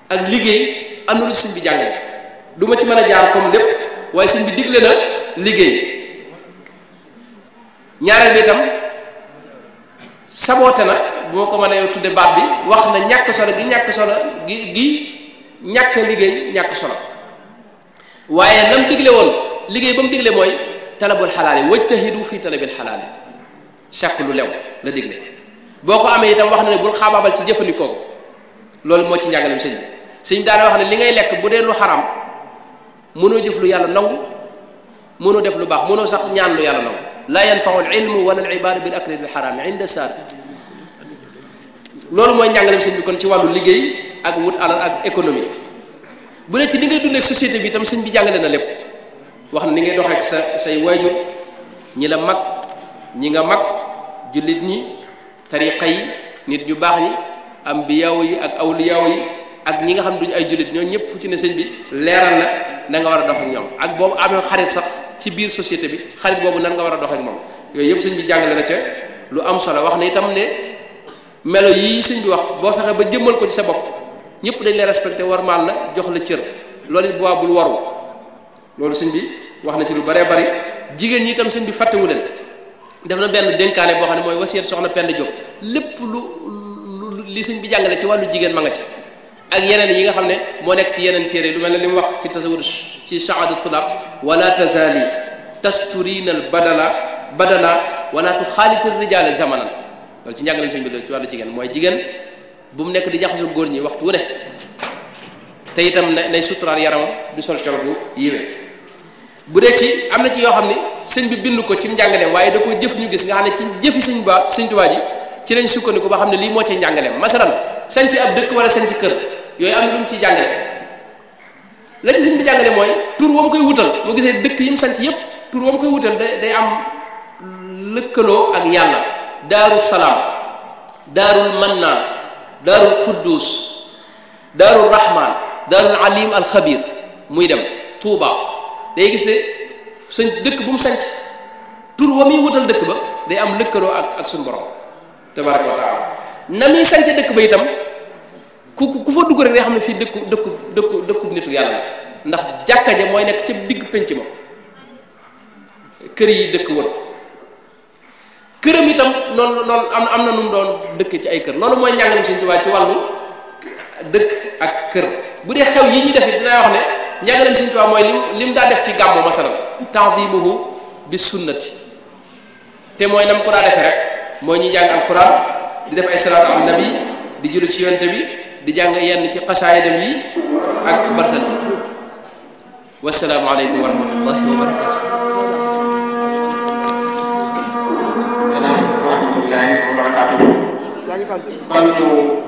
ak liggéey am na lu ci sëñ bi jàngale duma ci mën a jaar comme lépp waaye sëñ bi digle na liggéey ñaareel bi itam saboote na boo ko mënee tudde baat bi wax na ñàkk solo gi ñàkk solo gi gi ñàkk liggéey ñàkk solo waaye lam digle woon liggéey ba mu digle mooy talabul xalaali du fii talabil xalaali sàkk lu lew la digle boo ko amee itam wax na ne bul xaabaabal ci jëfandikoo loolu moo ci njàngalem sëñ bi sëñ daana wax ne li ngay lekk bu dee lu xaram mënoo jëf lu yàlla nangu mënoo def lu baax mënoo sax ñaan lu yàlla nangu laa yanfau al ilmu wala al ibada bil akli al xaraam inda saad loolu mooy njàngaleem sëñ bi kon ci wàllu liggéey ak wut alal ak économie bu dee ci li ngay dund ak société bi itam sëñ bi jàngale na lépp wax na ni ngay dox ak sa say waajur ñi la mag ñi nga mag jullit ñi tariqa yi nit ñu baax am ambiyaaw yi ak awliyaaw yi ak ñi nga xam duñu ay jullit ñoo ñëpp fu ci ne sëñ bi leeral na nanga war a dox ñoom ak boobu amee xarit sax ci biir société bi xarit boobu nan nga war a dox moom yooyu yëpp sëñ bi jàngale na ca lu am solo wax na itam ne melo yii sëñ bi wax boo fexe ba jëmmal ko ci sa bopp ñëpp dañ lay respecté warmaal la jox la cër loolu it bu bul waru loolu sëñ bi wax na ci lu bëree bari jigéen ñi itam sëñ bi fàttewu leen def na benn dénkaane boo xam ne mooy wasiyet soxna Penda Diop lépp lu li sëñ bi jàngale ci wàllu jigéen ma nga ci ak yenen yi nga xamne mo nek ci yenen téré lu melni lim wax ci tasawur ci saadu tulab wala tazali tasturina al badala badala wala tu ar rijal zamanan lol ci njàngale sëñ bi ci walu jigen moy jigen bu mu nek di jaxasu gor ñi waxtu wu te itam lay sutural yaram du sol col bu yiwe bu de ci amna ci yo xamni sëñ bi bindu ko ci njàngaleem waye da ko jëf ñu gis nga xamni ci jëfi sëñ ba sëñ tuba ji ci lañ sukkandiku ba xam ne lii moo ci njàngaleem masalan sañ ci ab dëkk wala sañ ci kër yooyu am lu mu ciy jàngale la ci sëñ bi jàngale mooy tur wam koy wutal mu gisee dëkk yi mu sanc yépp tur wam koy wutal day day am lëkkaloo ak yàlla daaru salaam daarul mannaan daarul quddus daarul rahman daarul alim alxabir muy dem tuuba day gis ne dëkk bu mu tur wa muy wutal dëkk ba day am lëkkaloo ak ak suñu borom tabaraka wa dëkk ba itam ku ku fa dugg rek day xam ne fii dëkku dëkku dëkku dëkku nitu yàlla ndax jàkka ja mooy nekk ca digg penc ma kër yi dëkk wër ko këram itam noonu noonu am am na nu mu doon dëkk ci ay kër loolu mooy njàngam Sëñ Tuubaa ci wàllu dëkk ak kër bu dee xew yi ñuy def it dinaa wax ne njàngaleem Sëñ mooy lim lim daa def ci gàmmu masalan ta'dimuhu bi sunnati te mooy nam ko daa defee rek mooy ñuy jàng alxuraan di def ay salaatu ala nabi di julli ci yonte bi di jang yenn ci xasaayidam yi ak barsant wasalaamu alaykum wa rahmatullahi wa barakatuh